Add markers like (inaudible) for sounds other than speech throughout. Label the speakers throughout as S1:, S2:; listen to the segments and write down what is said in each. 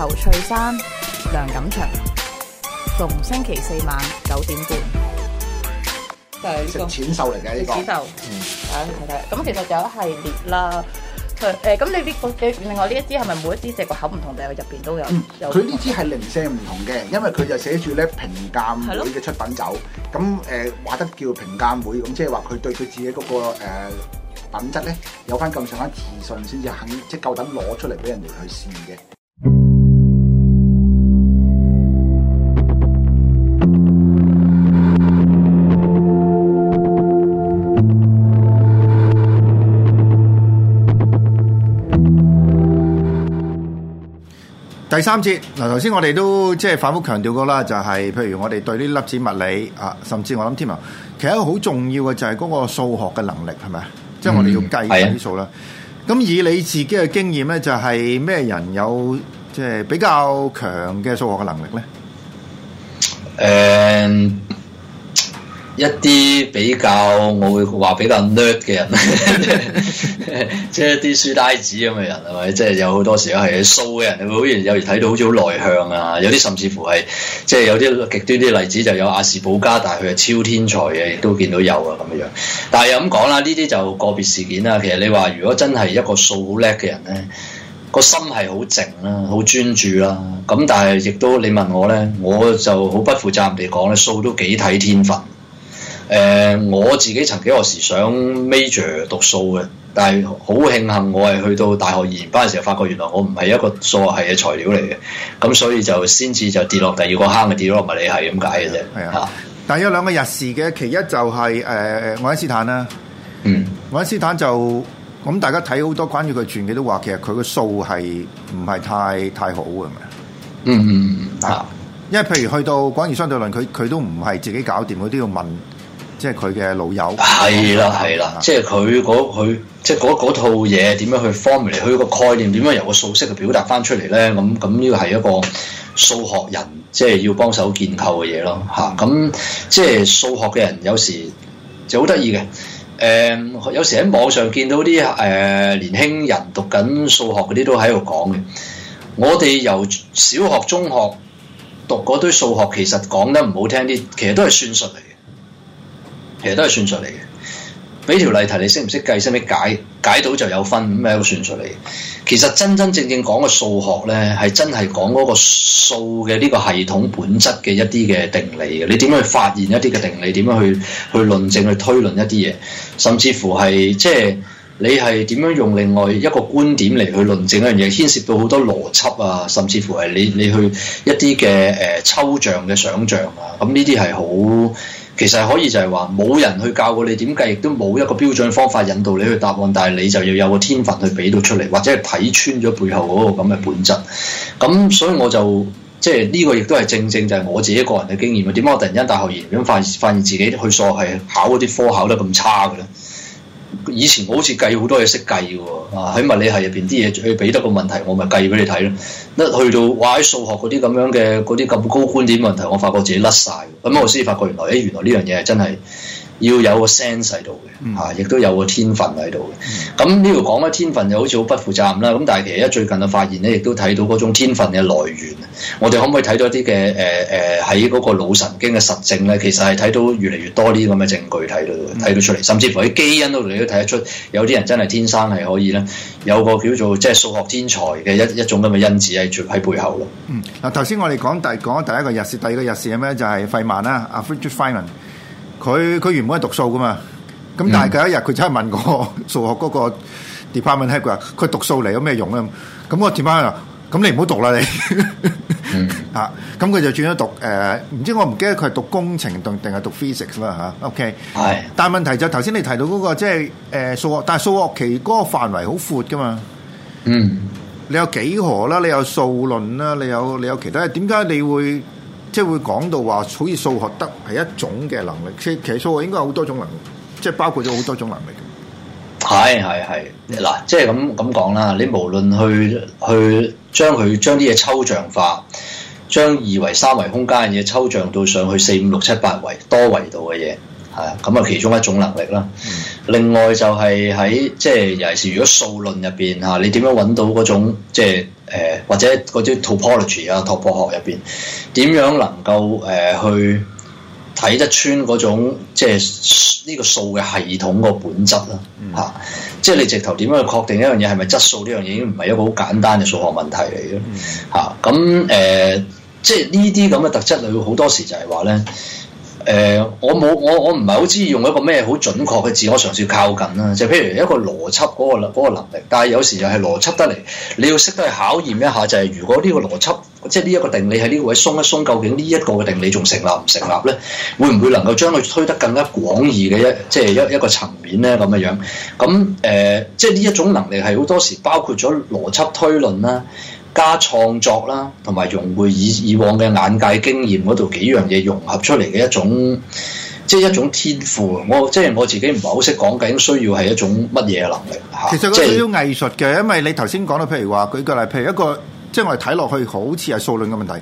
S1: 侯翠山、梁錦祥，逢星期四晚九點半。就係呢個。食淺壽嚟嘅呢個。淺壽，嗯。睇一睇睇。咁其實有一系列啦。佢誒，咁你 Vivapost 另外呢一支係咪每一支四個口唔同，定係入邊都有？嗯，佢呢支係
S2: 零舍唔同嘅，因為佢就寫住咧評鑒會嘅出品酒。咁誒，話得叫評鑒會，咁即係話佢對
S1: 佢自己嗰個誒品質咧有翻咁上下自信，先至肯即係夠膽攞出嚟俾人哋去試嘅。
S2: 第三節，嗱頭先我哋都即係反覆強調過啦，就係、是、譬如我哋對呢粒子物理啊，甚至我諗天文，其實一個好重要嘅就係嗰個數學嘅能力係咪啊？嗯、即係我哋要計計數啦。咁的以你自己嘅經驗咧，就係、是、咩人有即係比較強嘅數學嘅能力咧？
S1: 誒、嗯。一啲比較，我會話比較叻嘅人，即係 (laughs) (laughs) 一啲書呆子咁嘅人係咪？即係有好多時候係數嘅人，你會好似有時睇到好似好內向啊，有啲甚至乎係即係有啲極端啲例子，就有亞氏保加症，但係佢係超天才嘅，亦都見到有啊咁嘅樣。但係又咁講啦，呢啲就個別事件啦。其實你話如果真係一個數好叻嘅人咧，個心係好靜啦，好專注啦。咁但係亦都你問我咧，我就好不負責任地講咧，數都幾睇天分。誒、呃、我自己曾幾何時想 major 讀數嘅，但係好慶幸我係去到大學二年班嘅時候，發覺原來我唔係一個數學系嘅材料嚟嘅，咁所以就先至就跌落第二個坑嘅，跌落物理係咁解嘅啫。係啊，啊啊，
S2: 但有兩個日事嘅，其一就係誒愛因斯坦啦、嗯嗯。嗯，愛因斯坦就咁大家睇好多關於佢傳記都話，其實佢嘅數係唔係太太好嘅嘛。嗯嗯嗯，因為譬如去到廣義相對論，佢佢都唔係自己搞掂，佢都要問。即係佢嘅老友係啦，係啦，即係
S1: 佢嗰佢即係套嘢點樣去 formulate 佢個概念點樣由個數式去表達翻出嚟咧？咁咁呢個係一個數學人即係、就是、要幫手建構嘅嘢咯嚇。咁、啊、即係數學嘅人有時就好得意嘅。誒、嗯，有時喺網上見到啲誒、呃、年輕人讀緊數學嗰啲都喺度講嘅。我哋由小學、中學讀嗰堆數學，其實講得唔好聽啲，其實都係算術嚟。其實都係算術嚟嘅，俾條例題你識唔識計，識唔識解，解到就有分，咁樣一個算術嚟嘅。其實真真正正講個數學咧，係真係講嗰個數嘅呢個系統本質嘅一啲嘅定理嘅。你點樣去發現一啲嘅定理？點樣去去論證去推論一啲嘢？甚至乎係即係你係點樣用另外一個觀點嚟去論證一樣嘢？牽涉到好多邏輯啊，甚至乎係你你去一啲嘅誒抽象嘅想象啊，咁呢啲係好。其實可以就係話冇人去教過你點計，亦都冇一個標準方法引導你去答案，但係你就要有個天分去俾到出嚟，或者係睇穿咗背後嗰個咁嘅本質。咁所以我就即係呢個亦都係正正就係我自己個人嘅經驗啊！點解我突然間大學研究發發現自己去數學係考嗰啲科考得咁差嘅咧？以前我好似計好多嘢識計嘅喎，啊喺物理系入邊啲嘢去俾得個問題我咪計俾你睇咯。一去到哇喺數學嗰啲咁樣嘅嗰啲咁高觀點問題，我發覺自己甩晒。咁我先發覺原來，哎、欸、原來呢樣嘢係真係。要有個 sense 喺度嘅，嚇、啊，亦都有個天分喺度嘅。咁呢度講嘅天分又好似好不負責任啦。咁但係其實一最近啊發現咧，亦都睇到嗰種天分嘅來源。我哋可唔可以睇到一啲嘅誒誒喺嗰個腦神經嘅實證咧？其實係睇到越嚟越多呢啲咁嘅證據，睇到睇到出嚟，甚至乎喺基因嗰度你都睇得出有啲人真係天生係可以咧。有個叫做即係數學天才嘅一一種咁嘅因子喺喺背後咯。嗱，頭先我哋講第講第一個日事，第二個
S2: 日事咁咧就係費曼啦，阿 Richard Feynman。佢佢原本係讀數噶嘛，咁但係佢一日佢就係問我數學嗰個 department head 佢話佢讀數嚟有咩用、嗯 (laughs) 嗯、啊？咁我 department 啊，咁你唔好讀啦你，嚇！咁佢就轉咗讀誒，唔、呃、知我唔記得佢係讀工程定定係讀 physics 啦、啊、嚇。OK，係、哎。但係問題就頭、是、先你提到嗰、那個即係誒數學，但係數學期嗰個範圍好闊噶嘛。嗯，你有幾何啦，你有數論啦，你有你有,你有其他，點解你會？即係會講到話，好似數學得係一種嘅能力，即其實數學應該有好多種能力，即係包括咗好多種能力
S1: 嘅。係係係，嗱，即係咁咁講啦。你無論去去將佢將啲嘢抽象化，將二維、三維空間嘅嘢抽象到上去四五六七八維多維度嘅嘢，係咁啊，其中一種能力啦。嗯另外就係喺即係尤其是如果數論入邊嚇，你點樣揾到嗰種即係誒、呃、或者嗰啲 topology 啊拓樸學入邊，點樣能夠誒、呃、去睇得穿嗰種即係呢個數嘅系統個本質啦嚇，啊嗯、即係你直頭點樣去確定一樣嘢係咪質數呢樣嘢已經唔係一個好簡單嘅數學問題嚟嘅。嚇、啊，咁誒、呃、即係呢啲咁嘅特質裏好多時就係話咧。誒、呃，我冇我我唔係好知用一個咩好準確嘅自我嘗試靠近啦，就是、譬如一個邏輯嗰個嗰個能力，但係有時又係邏輯得嚟，你要識得去考驗一下，就係、是、如果呢個邏輯，即係呢一個定理喺呢個位鬆一鬆，究竟呢一個嘅定理仲成立唔成立咧？會唔會能夠將佢推得更加廣義嘅一即係一一個層面咧咁嘅樣？咁、呃、誒，即係呢一種能力係好多時包括咗邏輯推論啦。加創作啦，同埋融會以以往嘅眼界經驗嗰度幾樣嘢融合出嚟嘅一種，即係一種天賦。我即係我自己唔係好識講究竟需要係一種乜嘢能力嚇。其實嗰啲要
S2: 藝術嘅，因為你頭先講到，譬如話舉個例，譬如一個即係我哋睇落去好似係數論嘅問題，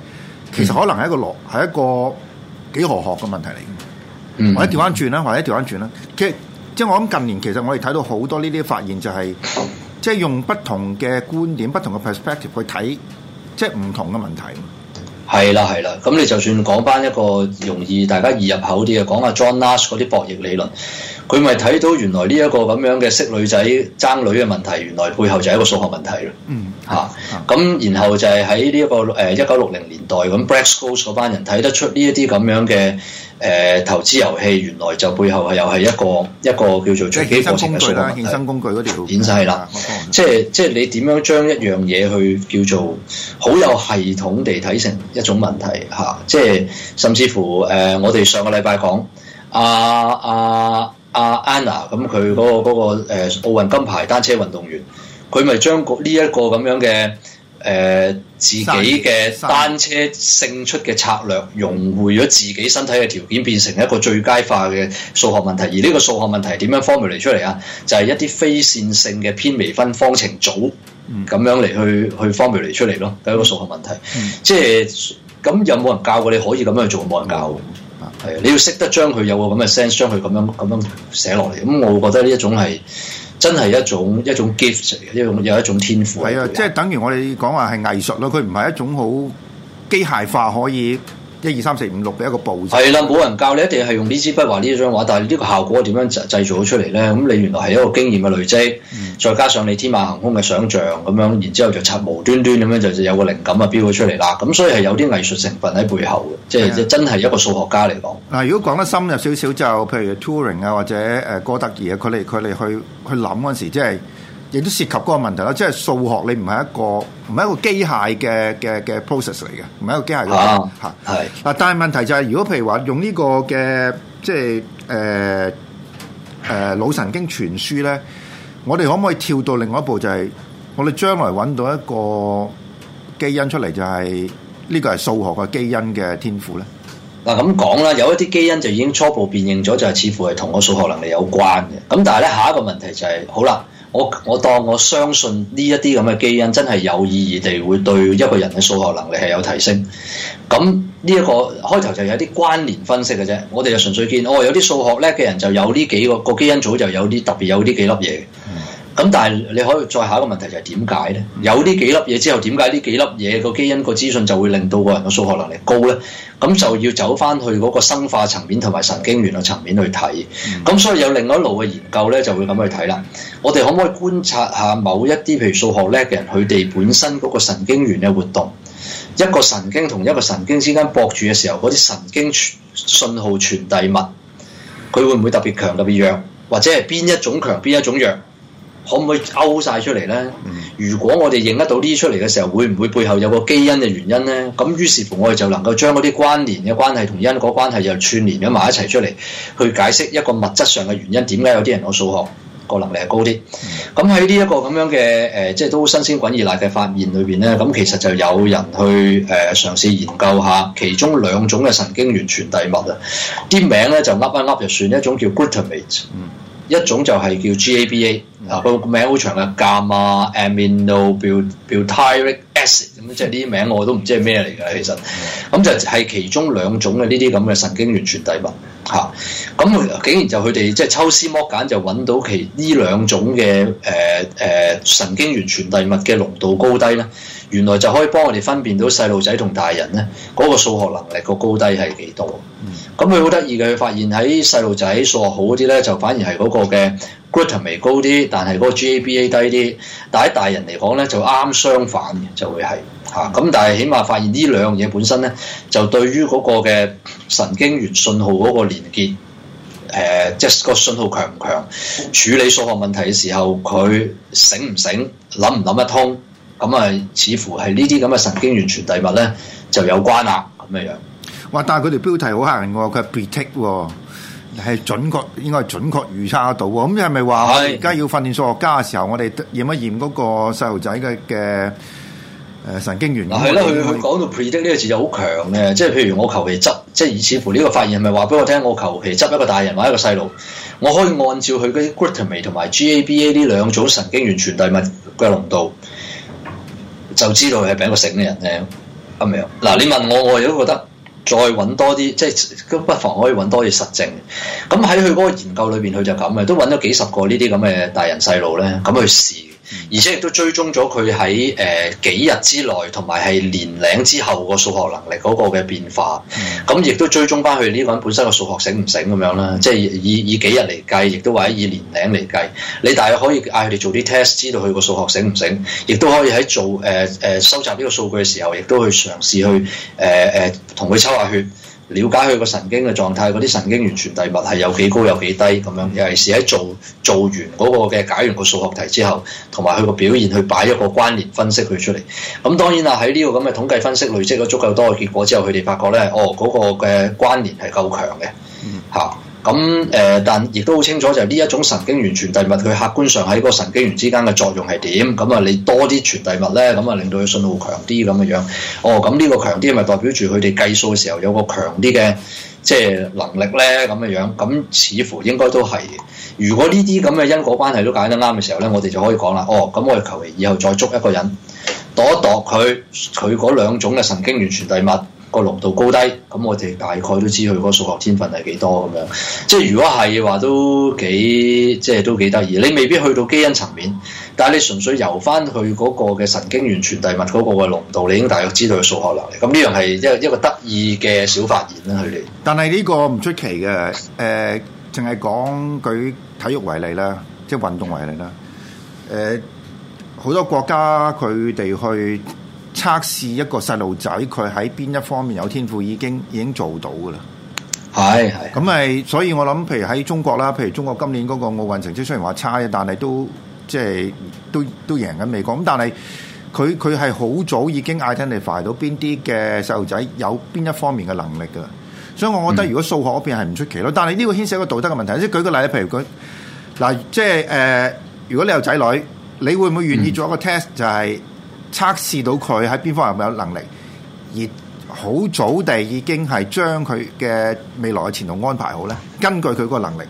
S2: 其實可能係一個羅係、嗯、一個幾何學嘅問題嚟嘅。或者調翻轉啦，或者調翻轉啦。其實即係我諗近年其實我哋睇到好多呢啲發現就係、是。即係用不同嘅觀點、不同嘅 perspective 去睇，即係唔同嘅問題。
S1: 係啦，係啦。咁你就算講翻一個容易大家易入口啲嘅，講阿 John Nash 嗰啲博弈理論，佢咪睇到原來呢一個咁樣嘅識女仔爭女嘅問題，原來背後就係一個數學問題啦。嗯嚇咁、啊，然後就係喺呢一個誒一九六零年代咁 Black Scholes 嗰班人睇得出呢一啲咁樣嘅誒、呃、投資遊戲，原來就背後係又係一個一個叫做競爭工具啦，競爭工具嗰條演曬啦。即係即係你點樣將一樣嘢去叫做好有系統地睇成一種問題嚇？即、啊、係、就是、甚至乎誒、呃，我哋上個禮拜講阿阿阿 Anna 咁、那個，佢、那、嗰個嗰、那個誒奧運金牌單車運動員。佢咪將呢一個咁樣嘅誒、呃、自己嘅單車勝出嘅策略，融匯咗自己身體嘅條件，變成一個最佳化嘅數學問題。而呢個數學問題點樣 formulate 出嚟啊？就係、是、一啲非線性嘅偏微分方程組咁樣嚟去去 formulate 出嚟咯。有一個數學問題，嗯、即係咁有冇人教過你可以咁樣去做？冇人教啊，係你要識得將佢有個咁嘅 sense，將佢咁樣咁樣寫落嚟。咁我覺得呢一種係。真係一種一種 gift 嚟嘅，一種，ift，一種有一種天賦。係啊，即係等
S2: 於我哋講話係藝術咯，佢唔係一種好機械化可以。一二三四五六嘅一個步驟，係啦，冇人
S1: 教你，一定係用呢支筆畫呢張畫，但係呢個效果點樣製製造咗出嚟咧？咁你原來係一個經驗嘅累積，嗯、再加上你天馬行空嘅想象咁樣，然之後就拆無端端咁樣，就就有個靈感啊，標咗出嚟啦。咁所以係有啲藝術成分喺背後嘅，的即係真係一個數學家嚟講。
S2: 嗱，如果講得深入少少，就譬如 Turing 啊，或者誒哥德爾，佢哋佢哋去去諗嗰陣時，即係。亦都涉及嗰個問題啦，即係數學你唔係一個唔係一個機械嘅嘅嘅 process 嚟嘅，唔係一個機械嘅嚇。係嗱、啊，是但係問題就係、是，如果譬如話用呢個嘅即係誒誒腦神經傳輸咧，我哋可唔可以跳到另外一步、就是，就係我哋將來揾到一個基因出嚟、就是，就係呢個係數學嘅基因嘅天賦咧？
S1: 嗱咁講啦，有一啲基因就已經初步辨認咗，就係似乎係同個數學能力有關嘅。咁但係咧，下一個問題就係、是、好啦。我我當我相信呢一啲咁嘅基因真係有意義地會對一個人嘅數學能力係有提升。咁呢一個開頭就有啲關聯分析嘅啫，我哋就純粹見哦，有啲數學叻嘅人就有呢幾個個基因組，就有啲特別有呢幾粒嘢。咁但係你可以再下一個問題就係點解呢？有呢幾粒嘢之後，點解呢幾粒嘢個基因個資訊就會令到個人嘅數學能力高呢？咁就要走翻去嗰個生化層面同埋神經元嘅層面去睇。咁、嗯、所以有另外一路嘅研究呢，就會咁去睇啦。我哋可唔可以觀察下某一啲譬如數學叻嘅人，佢哋本身嗰個神經元嘅活動，一個神經同一個神經之間駁住嘅時候，嗰啲神經信號傳遞物，佢會唔會特別強特別弱？或者係邊一種強邊一種弱？可唔可以勾晒出嚟呢？如果我哋認得到呢出嚟嘅時候，會唔會背後有個基因嘅原因呢？咁於是乎我哋就能夠將嗰啲關聯嘅關係同因果關係又串聯咗埋一齊出嚟，去解釋一個物質上嘅原因，點解有啲人個數學個能力係高啲？咁喺呢一個咁樣嘅誒、呃，即係都新鮮滾熱辣嘅發現裏邊呢，咁、嗯、其實就有人去誒嘗試研究下其中兩種嘅神經元傳遞物啊，啲名呢，就噏一噏就算一種叫 glutamate。一種就係叫 GABA，個名好長嘅，gamma amino butyric acid 咁，即係呢啲名我都唔知係咩嚟嘅其實，咁就係其中兩種嘅呢啲咁嘅神經元傳遞物嚇，咁、啊、竟然就佢哋即係抽絲剝繭就揾到其呢兩種嘅誒誒神經元傳遞物嘅濃度高低咧。原來就可以幫我哋分辨到細路仔同大人呢，嗰個數學能力個高低係幾多？咁佢好得意嘅，佢發現喺細路仔數學好啲呢，就反而係嗰個嘅 glutamate 高啲，但係嗰個 GABA 低啲。但喺大人嚟講呢，就啱相反嘅，就會係嚇。咁、啊、但係起碼發現呢兩樣嘢本身呢，就對於嗰個嘅神經元信號嗰個連結，即、呃、係、就是、個信號強唔強，處理數學問題嘅時候佢醒唔醒，諗唔諗得通。咁啊，似乎係呢啲咁嘅神經元傳遞物咧，就有關啦，咁嘅樣。
S2: 哇！但係佢條標題好嚇人喎、哦，佢係 predict，係、哦、準確，應該係準確預測得到喎、哦。咁你係咪話而家要訓練數學家嘅時候，我哋驗一驗嗰個細路仔嘅嘅誒神經元、啊？嗱係啦，佢佢
S1: 講到 predict 呢個字就好強嘅，即係譬如我求其執，即係似乎呢個發現係咪話俾我聽？我求其執一個大人或者一個細路，我可以按照佢嗰啲 glutamate 同埋 GABA 呢兩組神經元傳遞物嘅濃度。就知道佢係俾一個醒嘅人咧咁樣。嗱、啊，啊、你問我，我亦都覺得再揾多啲，即、就、係、是、不妨可以揾多啲實證。咁喺佢嗰個研究裏邊，佢就咁嘅，都揾咗幾十個呢啲咁嘅大人細路咧，咁去試。而且亦都追蹤咗佢喺誒幾日之內，同埋係年齡之後個數學能力嗰個嘅變化。咁亦都追蹤翻佢呢個人本身個數學醒唔醒咁樣啦。嗯、即係以以幾日嚟計，亦都或者以年齡嚟計。你大約可以嗌佢哋做啲 test，知道佢個數學醒唔醒。亦都可以喺做誒誒、呃呃、收集呢個數據嘅時候，亦都去嘗試去誒誒同佢抽下血，了解佢個神經嘅狀態，嗰啲神經元傳遞物係有幾高有幾低咁樣，尤其是喺做做完嗰、那個嘅解完個數學題之後，同埋佢個表現去擺一個關聯分析佢出嚟。咁、嗯、當然啦，喺呢個咁嘅統計分析累積咗足夠多嘅結果之後，佢哋發覺咧，哦嗰、那個嘅關聯係夠強嘅，嚇、嗯。咁誒、呃，但亦都好清楚就係、是、呢一種神經元傳遞物，佢客觀上喺個神經元之間嘅作用係點？咁啊，你多啲傳遞物咧，咁啊，令到佢信號強啲咁嘅樣。哦，咁呢個強啲咪代表住佢哋計數嘅時候有個強啲嘅即係能力咧？咁嘅樣，咁似乎應該都係。如果呢啲咁嘅因果關係都解得啱嘅時候咧，我哋就可以講啦。哦，咁我哋求其以後再捉一個人，度一度佢佢嗰兩種嘅神經元傳遞物，個濃度高低，咁我哋大概都知佢嗰個數學天分係幾多咁樣。即係如果係話都幾，即係都幾得意。你未必去到基因層面，但係你純粹由翻佢嗰個嘅神經元傳遞物嗰個嘅濃度，你已經大約知道佢數學能力。咁呢樣係一一個得意嘅小發現啦，佢哋。
S2: 但係呢個唔出奇嘅，誒、呃，淨係講舉體育為例啦，即係運動為例啦。誒、呃，好多國家佢哋去，測試一個細路仔，佢喺邊一方面有天賦，已經已經做到噶啦。係係。咁 (noise) 咪樂、嗯、所以我，我諗譬如喺中國啦，譬如中國今年嗰個奧運成績雖然話差，但係都即係都都贏緊美國。咁但係佢佢係好早已經 identify 到邊啲嘅細路仔有邊一方面嘅能力噶啦。所以我覺得如果數學嗰邊係唔出奇咯。嗯、但係呢個牽涉一個道德嘅問題。即係舉個例，譬如佢嗱，即係誒、呃呃，如果你有仔女，你會唔會願意做一個 test 就係、嗯？測試到佢喺邊方有冇有能力，而好早地已經係將佢嘅未來嘅前途安排好咧。根據佢個能力，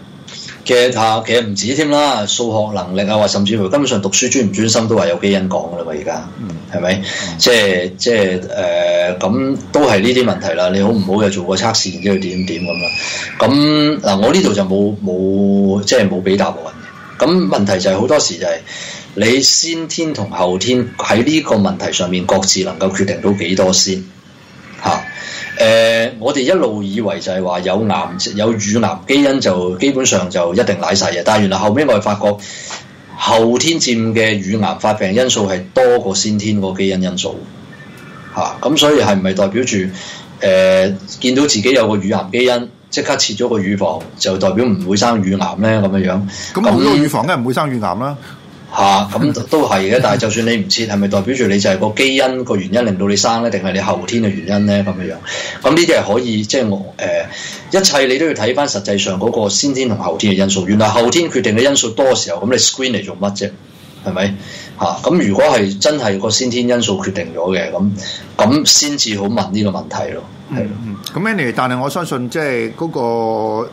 S1: 其實其實唔止添啦，數學能力啊，或甚至乎根本上讀書專唔專心，都話有基因講㗎啦嘛。而家，係咪、嗯？即係即係誒，咁、呃、都係呢啲問題啦。你好唔好又做個測試，知道點點咁啦？咁嗱，我呢度就冇冇即係冇俾答案嘅。咁問題就係、是、好多時就係、是。你先天同後天喺呢個問題上面，各自能夠決定到幾多先？吓，誒，我哋一路以為就係話有癌有乳癌基因就基本上就一定瀨晒嘢，但係原來後邊我哋發覺後天佔嘅乳癌發病因素係多過先天個基因因素，吓、啊，咁所以係唔係代表住誒、啊、見到自己有個乳癌基因，即刻切咗個乳房就代表唔會生乳癌咧？咁樣樣咁，冇乳房梗係唔會生乳癌啦。吓咁、 (laughs) 啊、都係嘅，但係就算你唔切，係咪代表住你就係個基因個原因令到你生咧，定係你後天嘅原因咧？咁樣樣，咁呢啲係可以即係、就是、我誒、呃，一切你都要睇翻，實際上嗰個先天同後天嘅因素。原來後天決定嘅因素多嘅時候，咁你 screen 嚟做乜啫？係咪吓？咁、啊、如果係真係個先天因素決定咗嘅，咁咁先至好問呢個問題咯。係
S2: 咯，咁 any、嗯嗯、但係我相信即係嗰個。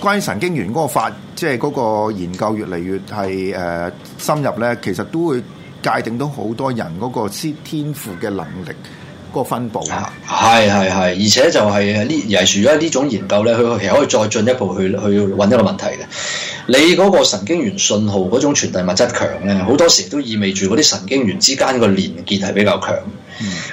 S2: 關於神經元嗰個法，即係嗰個研究越嚟越係誒、呃、深入咧，其實都會界定到好多人嗰個天賦嘅能力。個分
S1: 佈啊，係係係，而且就係、係、呢，而係除咗呢種研究呢，佢其實可以再進一步去去揾一個問題嘅。你嗰個神經元信號嗰種傳遞物質強呢，好多時都意味住嗰啲神經元之間個連結係比較強。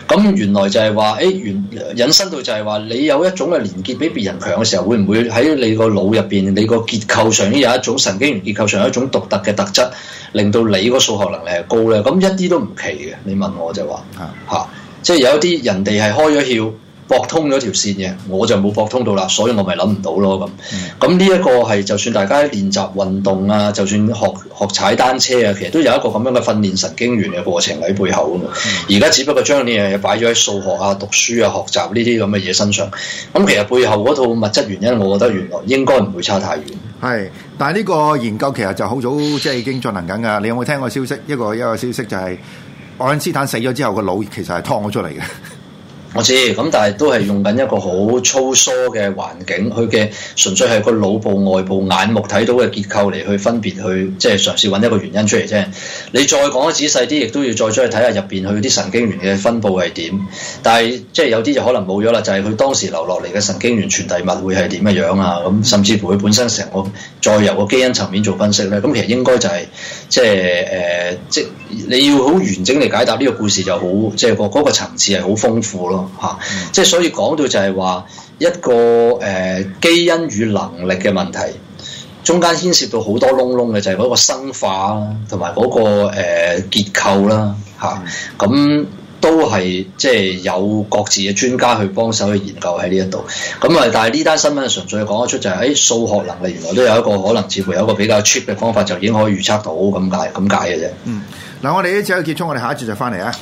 S1: 咁、嗯、原來就係話，誒引引申到就係話，你有一種嘅連結比別人強嘅時候，會唔會喺你個腦入邊，你個結構上有一種神經元結構上有一種獨特嘅特質，令到你個數學能力係高呢？咁一啲都唔奇嘅。你問我就話嚇。嗯即係有一啲人哋係開咗竅，搏通咗條線嘅，我就冇搏通到啦，所以我咪諗唔到咯咁。咁呢一個係就算大家練習運動啊，就算學學踩單車啊，其實都有一個咁樣嘅訓練神經元嘅過程喺背後啊嘛。而家、嗯、只不過將呢嘢擺咗喺數學啊、讀書啊、學習呢啲咁嘅嘢身上，咁其實背後嗰套物質原因，我覺得原來應該唔會差太遠。係，但係呢個研究
S2: 其實就好早，即係已經進行緊噶。你有冇聽過消息？一個一個消息就係、是。愛因斯坦死咗之後，個腦其實係劏咗出嚟嘅。
S1: 我知，咁但係都係用緊一個好粗疏嘅環境，佢嘅純粹係個腦部外部眼目睇到嘅結構嚟去分別去，即係嘗試揾一個原因出嚟啫。你再講得仔細啲，亦都要再出去睇下入邊佢啲神經元嘅分佈係點。但係即係有啲就可能冇咗啦，就係、是、佢當時留落嚟嘅神經元傳遞物會係點嘅樣啊。咁甚至乎佢本身成個再由個基因層面做分析咧，咁其實應該就係、是、即係誒、呃、即。你要好完整嚟解答呢個故事就好，即係個嗰個層次係好豐富咯，嚇、啊！即係所以講到就係話一個誒、呃、基因與能力嘅問題，中間牽涉到好多窿窿嘅，就係嗰個生化同埋嗰個誒、呃、結構啦，嚇、啊！咁、啊、都係即係有各自嘅專家去幫手去研究喺呢一度。咁啊，但係呢單新聞純粹講得出就係、是，誒、哎、數學能力原來都有一個可能，似乎有一個比較 cheap 嘅方法，就已經可以預測到咁解咁解嘅啫。嗯。
S2: 嗱，我哋呢次要結束，我哋下一次就返嚟啊！